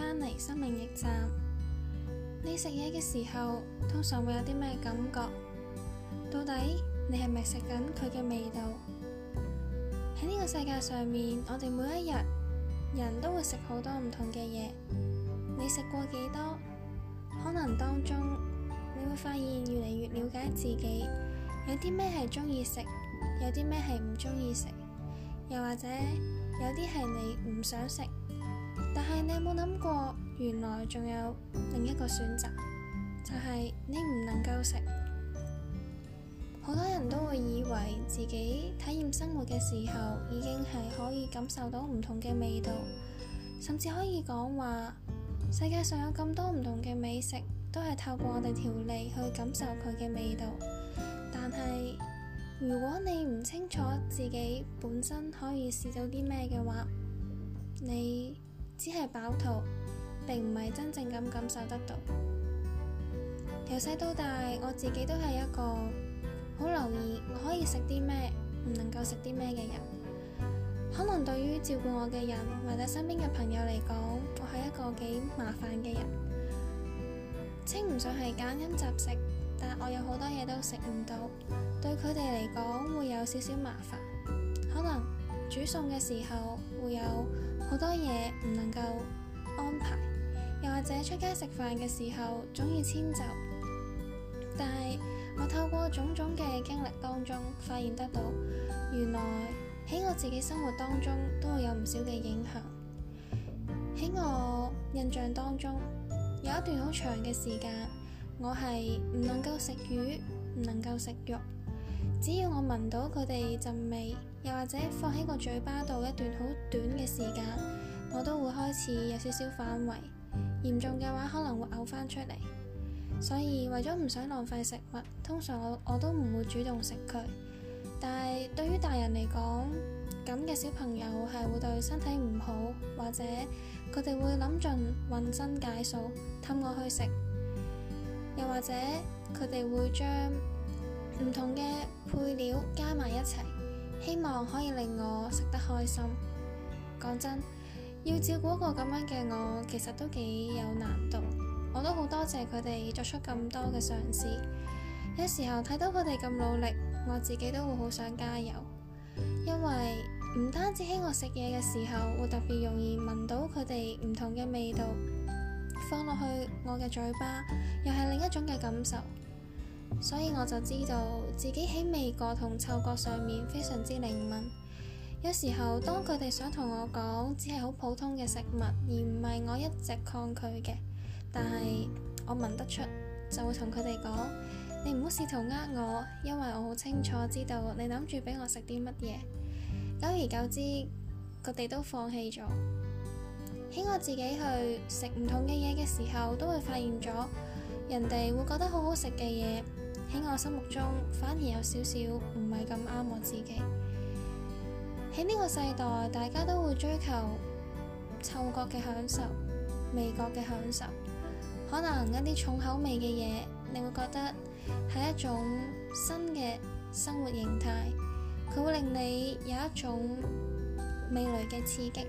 山梨生命驛站，你食嘢嘅時候通常會有啲咩感覺？到底你係咪食緊佢嘅味道？喺呢個世界上面，我哋每一日人都會食好多唔同嘅嘢。你食過幾多？可能當中你會發現越嚟越了解自己，有啲咩係中意食，有啲咩係唔中意食，又或者有啲係你唔想食。但係你有冇諗過，原來仲有另一個選擇，就係你唔能夠食。好多人都會以為自己體驗生活嘅時候，已經係可以感受到唔同嘅味道，甚至可以講話世界上有咁多唔同嘅美食，都係透過我哋條脷去感受佢嘅味道。但係如果你唔清楚自己本身可以試到啲咩嘅話，你。只係飽肚，並唔係真正咁感受得到。由細到大，我自己都係一個好留意我可以食啲咩，唔能夠食啲咩嘅人。可能對於照顧我嘅人或者身邊嘅朋友嚟講，我係一個幾麻煩嘅人。稱唔上係揀飲擇食，但我有好多嘢都食唔到，對佢哋嚟講會有少少麻煩。可能煮餸嘅時候會有。好多嘢唔能夠安排，又或者出街食飯嘅時候總要遷就。但係我透過種種嘅經歷當中，發現得到原來喺我自己生活當中都會有唔少嘅影響。喺我印象當中，有一段好長嘅時間，我係唔能夠食魚，唔能夠食肉，只要我聞到佢哋陣味，又或者放喺個嘴巴度一段好短嘅時間，我都會開始有少少反胃，嚴重嘅話可能會嘔翻出嚟。所以為咗唔想浪費食物，通常我我都唔會主動食佢。但係對於大人嚟講，咁嘅小朋友係會對身體唔好，或者佢哋會諗盡渾身解數氹我去食，又或者佢哋會將唔同嘅配料加埋一齊。希望可以令我食得開心。講真，要照顧一個咁樣嘅我，其實都幾有難度。我都好多謝佢哋作出咁多嘅嘗試。有時候睇到佢哋咁努力，我自己都會好想加油。因為唔單止喺我食嘢嘅時候會特別容易聞到佢哋唔同嘅味道，放落去我嘅嘴巴又係另一種嘅感受。所以我就知道自己喺味覺同嗅覺上面非常之靈敏。有時候當佢哋想同我講，只係好普通嘅食物，而唔係我一直抗拒嘅，但係我聞得出，就會同佢哋講：你唔好試圖呃我，因為我好清楚知道你諗住俾我食啲乜嘢。久而久之，佢哋都放棄咗。喺我自己去食唔同嘅嘢嘅時候，都會發現咗人哋會覺得好好食嘅嘢。喺我心目中，反而有少少唔係咁啱我自己。喺呢個世代，大家都會追求嗅覺嘅享受、味覺嘅享受。可能一啲重口味嘅嘢，你會覺得係一種新嘅生活形態，佢會令你有一種味蕾嘅刺激。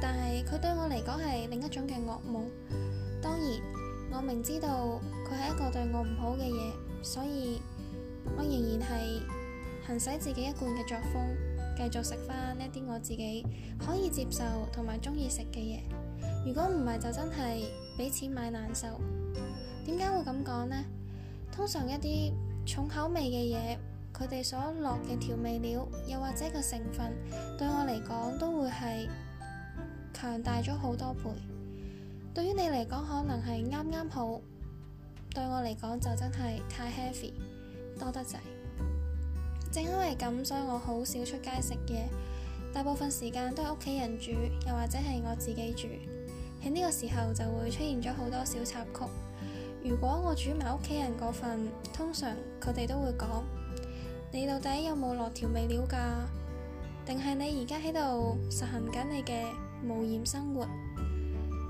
但係佢對我嚟講係另一種嘅噩夢。當然，我明知道佢係一個對我唔好嘅嘢。所以我仍然係行使自己一貫嘅作風，繼續食翻呢一啲我自己可以接受同埋鍾意食嘅嘢。如果唔係，就真係俾錢買難受。點解會咁講呢？通常一啲重口味嘅嘢，佢哋所落嘅調味料又或者個成分，對我嚟講都會係強大咗好多倍。對於你嚟講，可能係啱啱好。對我嚟講就真係太 heavy，多得滯。正因為咁，所以我好少出街食嘢，大部分時間都係屋企人煮，又或者係我自己煮。喺呢個時候就會出現咗好多小插曲。如果我煮埋屋企人嗰份，通常佢哋都會講：你到底有冇落調味料㗎？定係你而家喺度實行緊你嘅無鹽生活？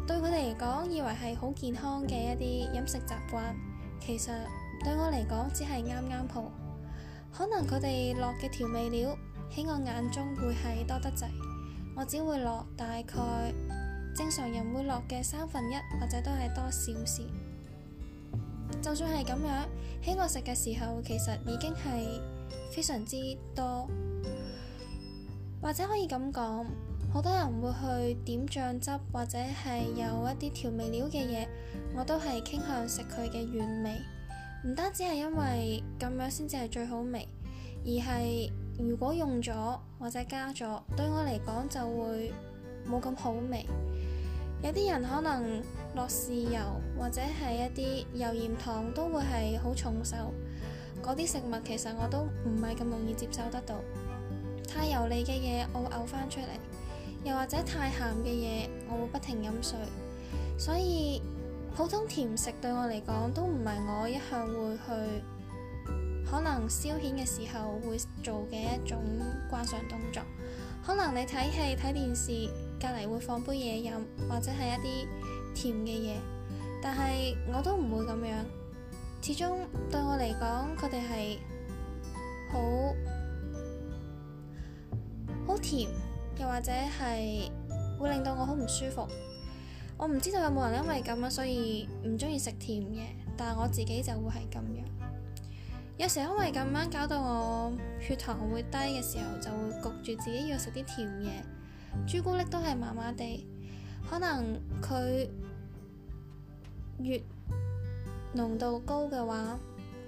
對佢哋嚟講，以為係好健康嘅一啲飲食習慣，其實對我嚟講只係啱啱好。可能佢哋落嘅調味料喺我眼中會係多得滯，我只會落大概正常人會落嘅三分一，或者都係多少少。就算係咁樣，喺我食嘅時候，其實已經係非常之多，或者可以咁講。好多人會去點醬汁或者係有一啲調味料嘅嘢，我都係傾向食佢嘅原味。唔單止係因為咁樣先至係最好味，而係如果用咗或者加咗，對我嚟講就會冇咁好味。有啲人可能落豉油或者係一啲油鹽糖都會係好重手。嗰啲食物其實我都唔係咁容易接受得到。太油膩嘅嘢，我嘔翻出嚟。又或者太鹹嘅嘢，我會不停飲水。所以普通甜食對我嚟講都唔係我一向會去，可能消遣嘅時候會做嘅一種慣常動作。可能你睇戲睇電視，隔離會放杯嘢飲，或者係一啲甜嘅嘢，但係我都唔會咁樣。始終對我嚟講，佢哋係好，好甜。又或者係會令到我好唔舒服。我唔知道有冇人因為咁樣所以唔中意食甜嘢，但係我自己就會係咁樣。有時候因為咁樣搞到我血糖會低嘅時候，就會焗住自己要食啲甜嘢。朱古力都係麻麻地，可能佢越濃度高嘅話，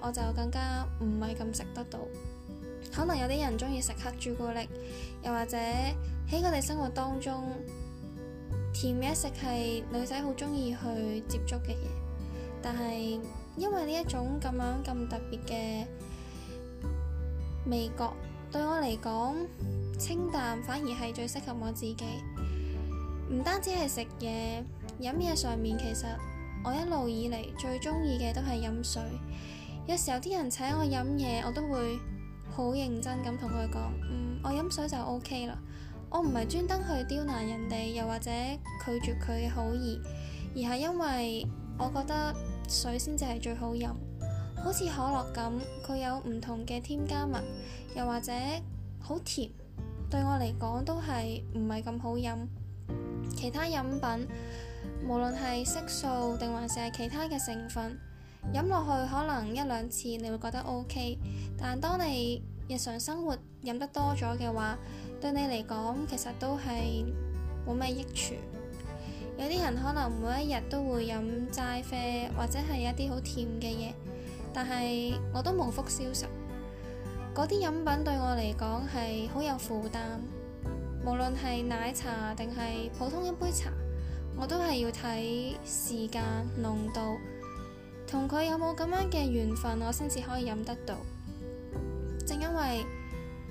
我就更加唔係咁食得到。可能有啲人中意食黑朱古力，又或者～喺我哋生活當中，甜嘢食係女仔好中意去接觸嘅嘢。但係因為呢一種咁樣咁特別嘅味覺，對我嚟講，清淡反而係最適合我自己。唔單止係食嘢飲嘢上面，其實我一路以嚟最中意嘅都係飲水。有時候啲人請我飲嘢，我都會好認真咁同佢講：嗯，我飲水就 OK 啦。我唔係專登去刁難人哋，又或者拒絕佢嘅好意，而係因為我覺得水先至係最好飲。好似可樂咁，佢有唔同嘅添加物，又或者好甜，對我嚟講都係唔係咁好飲。其他飲品，無論係色素定還是係其他嘅成分，飲落去可能一兩次你會覺得 OK，但當你日常生活飲得多咗嘅話，對你嚟講其實都係冇咩益處。有啲人可能每一日都會飲齋啡，或者係一啲好甜嘅嘢，但係我都無福消受。嗰啲飲品對我嚟講係好有負擔，無論係奶茶定係普通一杯茶，我都係要睇時間濃度同佢有冇咁樣嘅緣分，我先至可以飲得到。正因為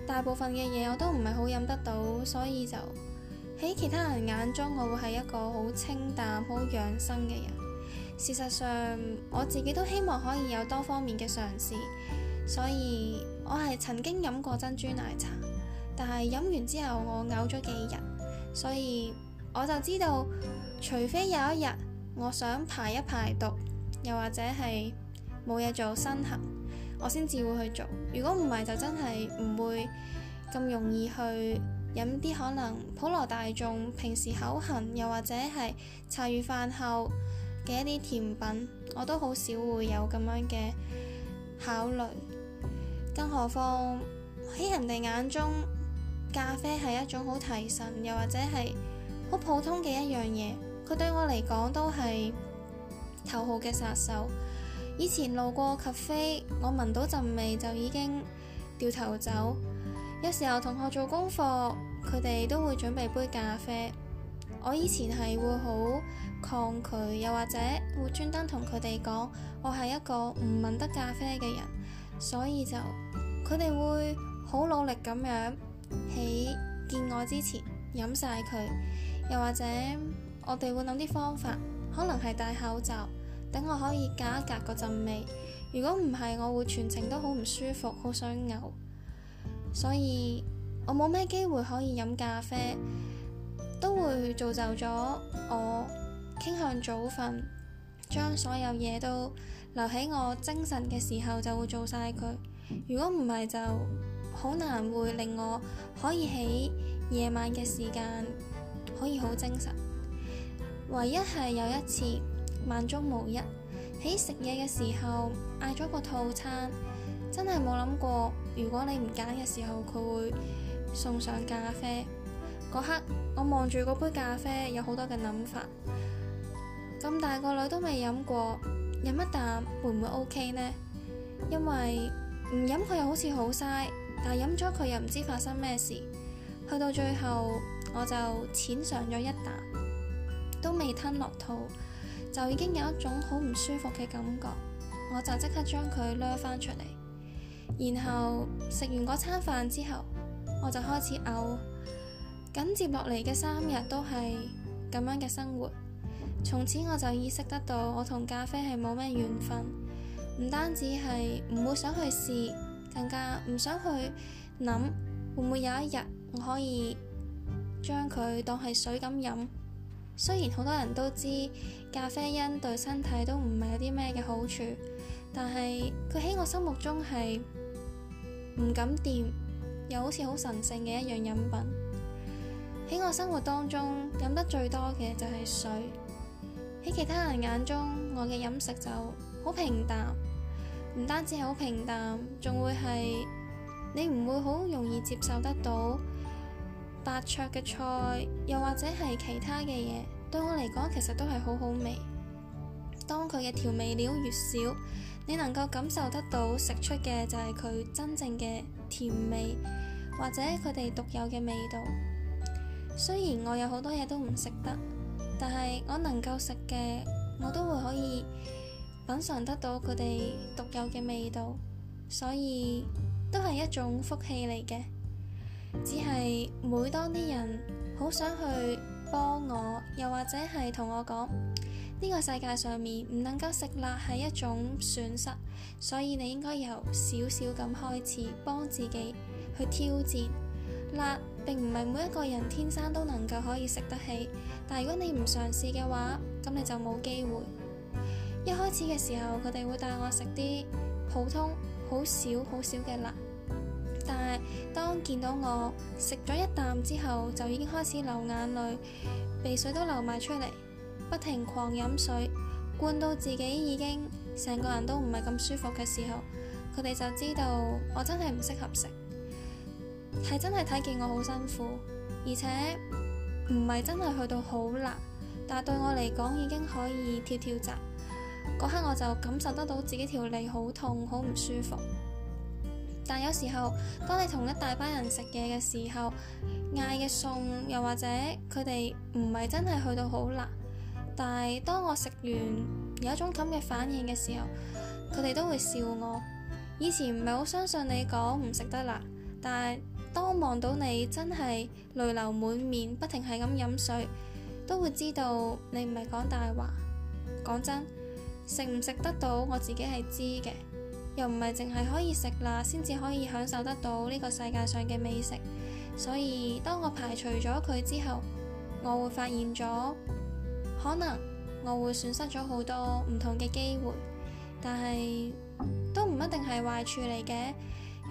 大部分嘅嘢我都唔係好飲得到，所以就喺其他人眼中，我會係一個好清淡、好養生嘅人。事實上，我自己都希望可以有多方面嘅嘗試，所以我係曾經飲過珍珠奶茶，但係飲完之後我嘔咗幾日，所以我就知道，除非有一日我想排一排毒，又或者係冇嘢做，身痕。我先至會去做，如果唔係就真係唔會咁容易去飲啲可能普羅大眾平時口痕，又或者係茶餘飯後嘅一啲甜品，我都好少會有咁樣嘅考慮。更何況喺人哋眼中，咖啡係一種好提神又或者係好普通嘅一樣嘢，佢對我嚟講都係頭號嘅殺手。以前路過咖啡，我聞到陣味就已經掉頭走。有時候同學做功課，佢哋都會準備杯咖啡。我以前係會好抗拒，又或者會專登同佢哋講，我係一個唔聞得咖啡嘅人，所以就佢哋會好努力咁樣喺見我之前飲晒佢，又或者我哋會諗啲方法，可能係戴口罩。等我可以隔一隔嗰陣味。如果唔係，我會全程都好唔舒服，好想嘔。所以，我冇咩機會可以飲咖啡，都會造就咗我傾向早瞓，將所有嘢都留喺我精神嘅時候就會做晒佢。如果唔係，就好難會令我可以喺夜晚嘅時間可以好精神。唯一係有一次。萬中無一，喺食嘢嘅時候嗌咗個套餐，真係冇諗過。如果你唔揀嘅時候，佢會送上咖啡。嗰刻我望住嗰杯咖啡，有好多嘅諗法。咁大個女都未飲過，飲一啖會唔會 OK 呢？因為唔飲佢又好似好嘥，但係飲咗佢又唔知發生咩事。去到最後我就淺嘗咗一啖，都未吞落肚。就已經有一種好唔舒服嘅感覺，我就即刻將佢掠翻出嚟，然後食完嗰餐飯之後，我就開始嘔。緊接落嚟嘅三日都係咁樣嘅生活。從此我就意識得到，我同咖啡係冇咩緣分，唔單止係唔會想去試，更加唔想去諗會唔會有一日我可以將佢當係水咁飲。雖然好多人都知咖啡因對身體都唔係有啲咩嘅好處，但係佢喺我心目中係唔敢掂，又好似好神聖嘅一樣飲品。喺我生活當中飲得最多嘅就係水。喺其他人眼中，我嘅飲食就好平淡，唔單止係好平淡，仲會係你唔會好容易接受得到。白灼嘅菜，又或者係其他嘅嘢，對我嚟講其實都係好好味。當佢嘅調味料越少，你能夠感受得到食出嘅就係佢真正嘅甜味，或者佢哋獨有嘅味道。雖然我有好多嘢都唔食得，但係我能夠食嘅，我都會可以品嘗得到佢哋獨有嘅味道，所以都係一種福氣嚟嘅。只係每當啲人好想去幫我，又或者係同我講呢個世界上面唔能夠食辣係一種損失，所以你應該由少少咁開始幫自己去挑戰辣，並唔係每一個人天生都能夠可以食得起。但如果你唔嘗試嘅話，咁你就冇機會。一開始嘅時候，佢哋會帶我食啲普通好少好少嘅辣。但係，當見到我食咗一啖之後，就已經開始流眼淚、鼻水都流埋出嚟，不停狂飲水，灌到自己已經成個人都唔係咁舒服嘅時候，佢哋就知道我真係唔適合食，係真係睇見我好辛苦，而且唔係真係去到好辣，但係對我嚟講已經可以跳跳閘。嗰刻我就感受得到自己條脷好痛，好唔舒服。但有時候，當你同一大班人食嘢嘅時候，嗌嘅餸又或者佢哋唔係真係去到好辣，但係當我食完有一種咁嘅反應嘅時候，佢哋都會笑我。以前唔係好相信你講唔食得辣，但係當望到你真係淚流滿面，不停係咁飲水，都會知道你唔係講大話。講真，食唔食得到我自己係知嘅。又唔係淨係可以食辣先至可以享受得到呢個世界上嘅美食，所以當我排除咗佢之後，我會發現咗可能我會損失咗好多唔同嘅機會，但係都唔一定係壞處嚟嘅，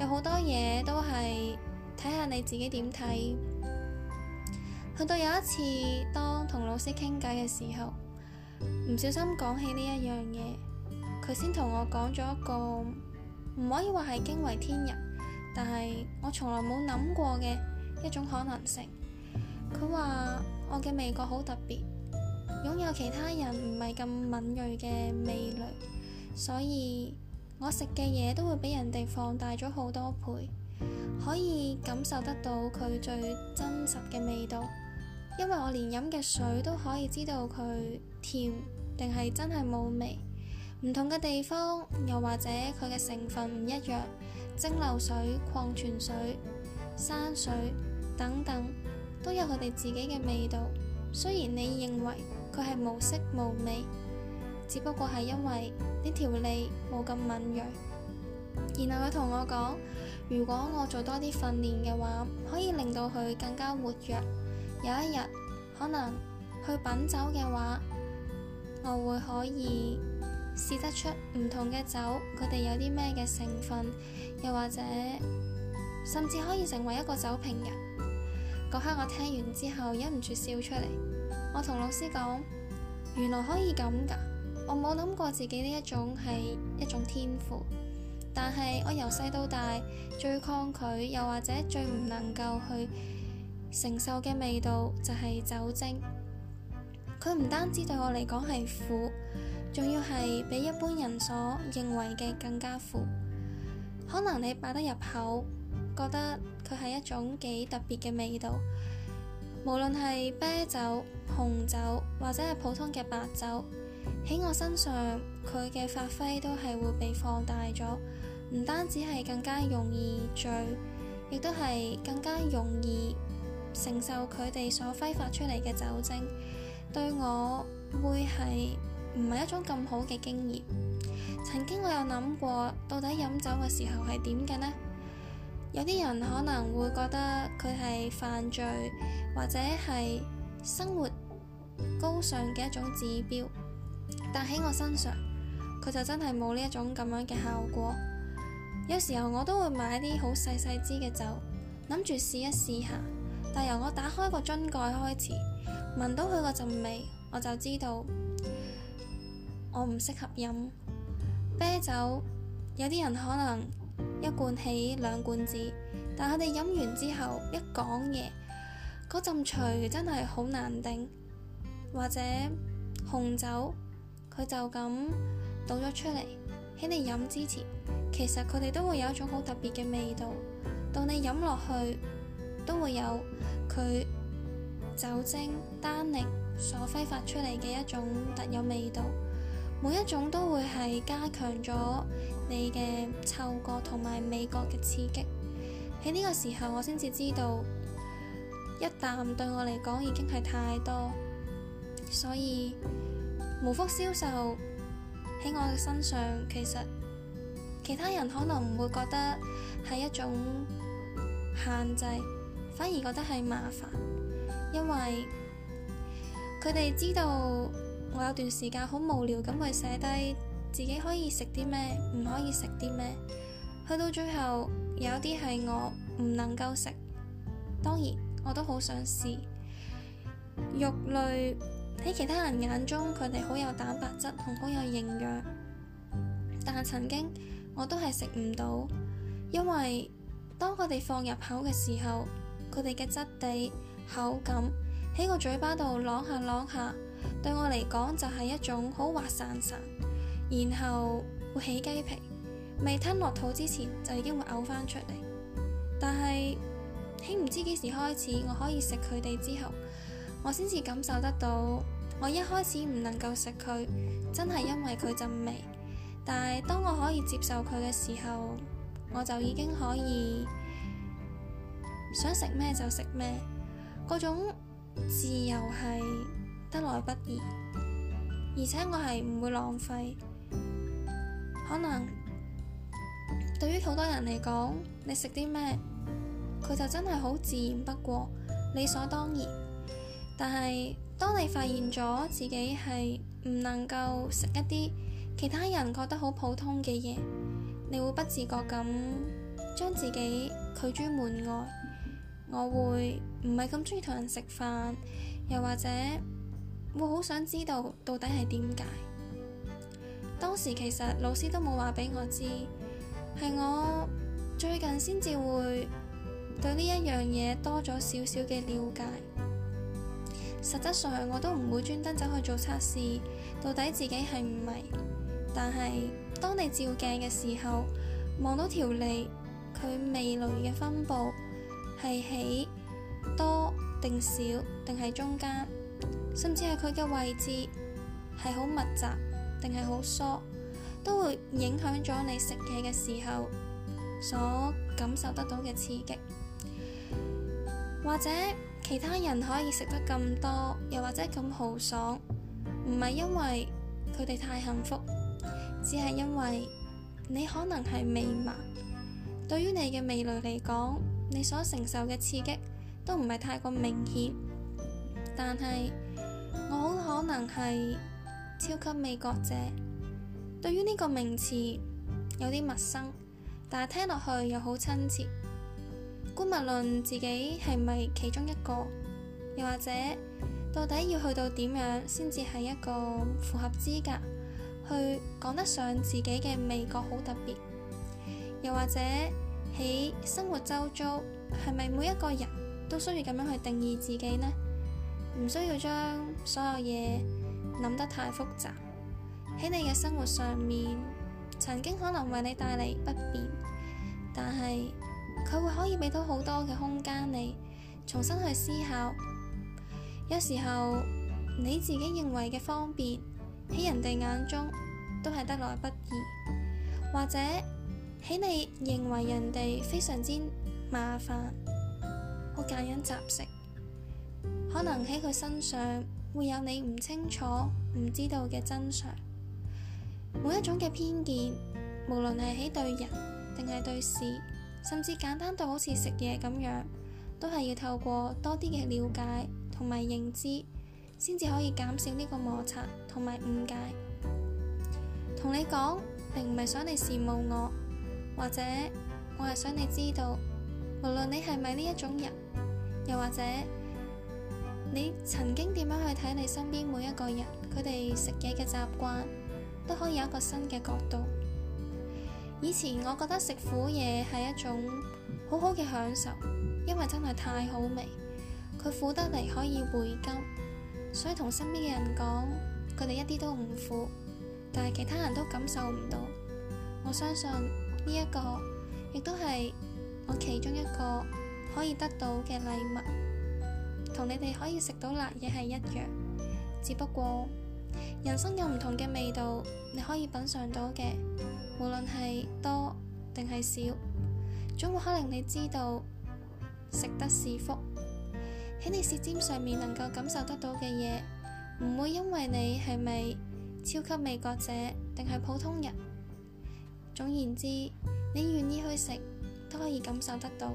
有好多嘢都係睇下你自己點睇。去到有一次，當同老師傾偈嘅時候，唔小心講起呢一樣嘢。佢先同我講咗一個唔可以話係驚為天人，但係我從來冇諗過嘅一種可能性。佢話我嘅味覺好特別，擁有其他人唔係咁敏鋭嘅味蕾，所以我食嘅嘢都會俾人哋放大咗好多倍，可以感受得到佢最真實嘅味道。因為我連飲嘅水都可以知道佢甜，定係真係冇味。唔同嘅地方，又或者佢嘅成分唔一樣，蒸餾水、礦泉水、山水等等，都有佢哋自己嘅味道。雖然你認為佢係無色無味，只不過係因為呢條脷冇咁敏銳。然後佢同我講，如果我做多啲訓練嘅話，可以令到佢更加活躍。有一日可能去品酒嘅話，我會可以。試得出唔同嘅酒，佢哋有啲咩嘅成分，又或者甚至可以成為一個酒評人。嗰刻 我聽完之後忍唔住笑出嚟，我同老師講：原來可以咁㗎！我冇諗過自己呢一種係一種天賦，但係我由細到大最抗拒，又或者最唔能夠去承受嘅味道就係、是、酒精。佢唔單止對我嚟講係苦。仲要係比一般人所認為嘅更加苦，可能你擺得入口，覺得佢係一種幾特別嘅味道。無論係啤酒、紅酒或者係普通嘅白酒，喺我身上佢嘅發揮都係會被放大咗，唔單止係更加容易醉，亦都係更加容易承受佢哋所揮發出嚟嘅酒精。對我會係。唔係一種咁好嘅經驗。曾經我有諗過，到底飲酒嘅時候係點嘅呢？有啲人可能會覺得佢係犯罪，或者係生活高尚嘅一種指標，但喺我身上，佢就真係冇呢一種咁樣嘅效果。有時候我都會買啲好細細支嘅酒，諗住試一試下，但由我打開個樽蓋開始，聞到佢個陣味，我就知道。我唔適合飲啤酒。有啲人可能一罐起兩罐止，但佢哋飲完之後一講嘢，嗰陣臭真係好難頂。或者紅酒，佢就咁倒咗出嚟，喺你飲之前，其實佢哋都會有一種好特別嘅味道。到你飲落去，都會有佢酒精、單寧所揮發出嚟嘅一種特有味道。每一種都會係加強咗你嘅嗅覺同埋味覺嘅刺激。喺呢個時候，我先至知道一啖對我嚟講已經係太多。所以無福消受喺我嘅身上，其實其他人可能唔會覺得係一種限制，反而覺得係麻煩，因為佢哋知道。我有段時間好無聊，咁佢寫低自己可以食啲咩，唔可以食啲咩。去到最後，有啲係我唔能夠食，當然我都好想試肉類。喺其他人眼中，佢哋好有蛋白質同好有營養，但曾經我都係食唔到，因為當佢哋放入口嘅時候，佢哋嘅質地、口感喺個嘴巴度擸下擸下。對我嚟講就係一種好滑散散，然後會起雞皮，未吞落肚之前就已經會嘔翻出嚟。但係喺唔知幾時開始，我可以食佢哋之後，我先至感受得到。我一開始唔能夠食佢，真係因為佢陣味。但係當我可以接受佢嘅時候，我就已經可以想食咩就食咩，嗰種自由係。得來不易，而且我係唔會浪費。可能對於好多人嚟講，你食啲咩，佢就真係好自然不過，理所當然。但係當你發現咗自己係唔能夠食一啲其他人覺得好普通嘅嘢，你會不自覺咁將自己拒諸門外。我會唔係咁中意同人食飯，又或者。我好想知道到底係點解。當時其實老師都冇話俾我知，係我最近先至會對呢一樣嘢多咗少少嘅了解。實質上我都唔會專登走去做測試，到底自己係唔係？但係當你照鏡嘅時候，望到條脷佢味蕾嘅分布係起多定少定係中間？甚至係佢嘅位置係好密集，定係好疏，都會影響咗你食嘢嘅時候所感受得到嘅刺激。或者其他人可以食得咁多，又或者咁豪爽，唔係因為佢哋太幸福，只係因為你可能係味盲。對於你嘅味蕾嚟講，你所承受嘅刺激都唔係太過明顯，但係，我好可能係超級味覺者，對於呢個名詞有啲陌生，但係聽落去又好親切。姑勿論自己係咪其中一個，又或者到底要去到點樣先至係一個符合資格去講得上自己嘅味覺好特別，又或者喺生活周遭係咪每一個人都需要咁樣去定義自己呢？唔需要將所有嘢諗得太複雜，喺你嘅生活上面，曾經可能為你帶嚟不便，但係佢會可以俾到好多嘅空間你重新去思考。有時候你自己認為嘅方便，喺人哋眼中都係得來不易，或者喺你認為人哋非常之麻煩，好揀飲擇食。可能喺佢身上會有你唔清楚、唔知道嘅真相。每一種嘅偏見，無論係喺對人定係對事，甚至簡單到好似食嘢咁樣，都係要透過多啲嘅了解同埋認知，先至可以減少呢個摩擦同埋誤解。同你講，並唔係想你羨慕我，或者我係想你知道，無論你係咪呢一種人，又或者。你曾經點樣去睇你身邊每一個人？佢哋食嘢嘅習慣都可以有一個新嘅角度。以前我覺得食苦嘢係一種好好嘅享受，因為真係太好味，佢苦得嚟可以回甘。所以同身邊嘅人講，佢哋一啲都唔苦，但係其他人都感受唔到。我相信呢一個亦都係我其中一個可以得到嘅禮物。同你哋可以食到辣嘢係一樣。只不過人生有唔同嘅味道，你可以品嚐到嘅，無論係多定係少，總會可能你知道食得是福。喺你舌尖上面能夠感受得到嘅嘢，唔會因為你係咪超級味覺者定係普通人。總言之，你願意去食都可以感受得到。